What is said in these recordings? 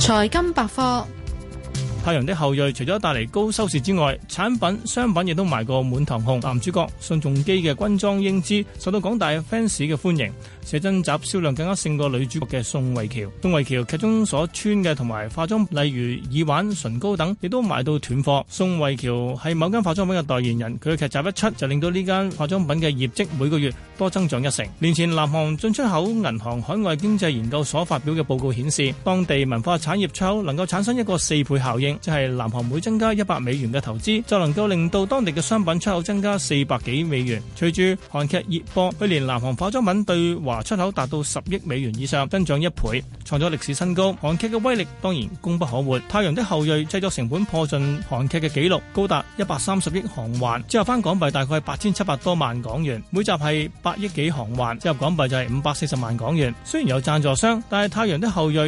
財金百科。太陽的後裔除咗帶嚟高收視之外，產品商品亦都賣過滿堂紅。男主角宋仲基嘅軍裝英姿受到廣大 fans 嘅歡迎。寫真集銷量更加勝過女主角嘅宋慧喬。宋慧喬劇中所穿嘅同埋化妝，例如耳環、唇膏等，亦都賣到斷貨。宋慧喬係某間化妝品嘅代言人，佢嘅劇集一出就令到呢間化妝品嘅業績每個月多增長一成。年前南韓進出口銀行海外經濟研究所發表嘅報告顯示，當地文化產業出口能夠產生一個四倍效應。就係南韓每增加一百美元嘅投資，就能夠令到當地嘅商品出口增加四百幾美元。隨住韓劇熱播，去年南韓化妝品對華出口達到十億美元以上，增長一倍，創咗歷史新高。韓劇嘅威力當然功不可沒。《太陽的後裔》製作成本破盡韓劇嘅紀錄，高達一百三十億韓元，折合翻港幣大概八千七百多萬港元。每集係八億幾韓元，折合港幣就係五百四十萬港元。雖然有贊助商，但係《太陽的後裔》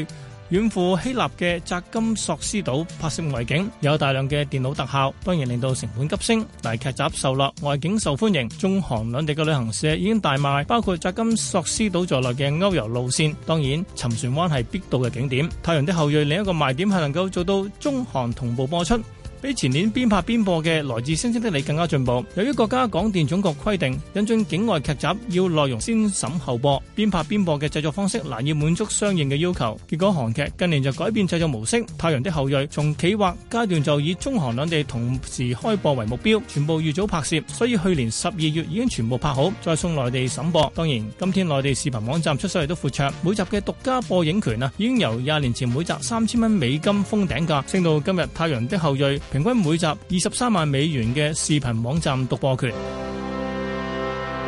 遠赴希臘嘅扎金索斯島拍攝外景，有大量嘅電腦特效，當然令到成本急升。但劇集受落，外景受歡迎，中韓兩地嘅旅行社已經大賣，包括扎金索斯島在內嘅歐遊路線。當然，沉船灣係必到嘅景點。《太陽的後裔》另一個賣點係能夠做到中韓同步播出。比前年邊拍邊播嘅《來自星星的你》更加進步。由於國家廣電總局規定，引進境外劇集要內容先審後播，邊拍邊播嘅製作方式難以滿足相應嘅要求。結果韓劇近年就改變製作模式，《太陽的後裔》從企劃階段就以中韓兩地同時開播為目標，全部預早拍攝，所以去年十二月已經全部拍好，再送內地審播。當然，今天內地視頻網站出手都闊綽，每集嘅獨家播映權啊，已經由廿年前每集三千蚊美金封頂價，升到今日《太陽的後裔》。平均每集二十三萬美元嘅視頻網站獨播權。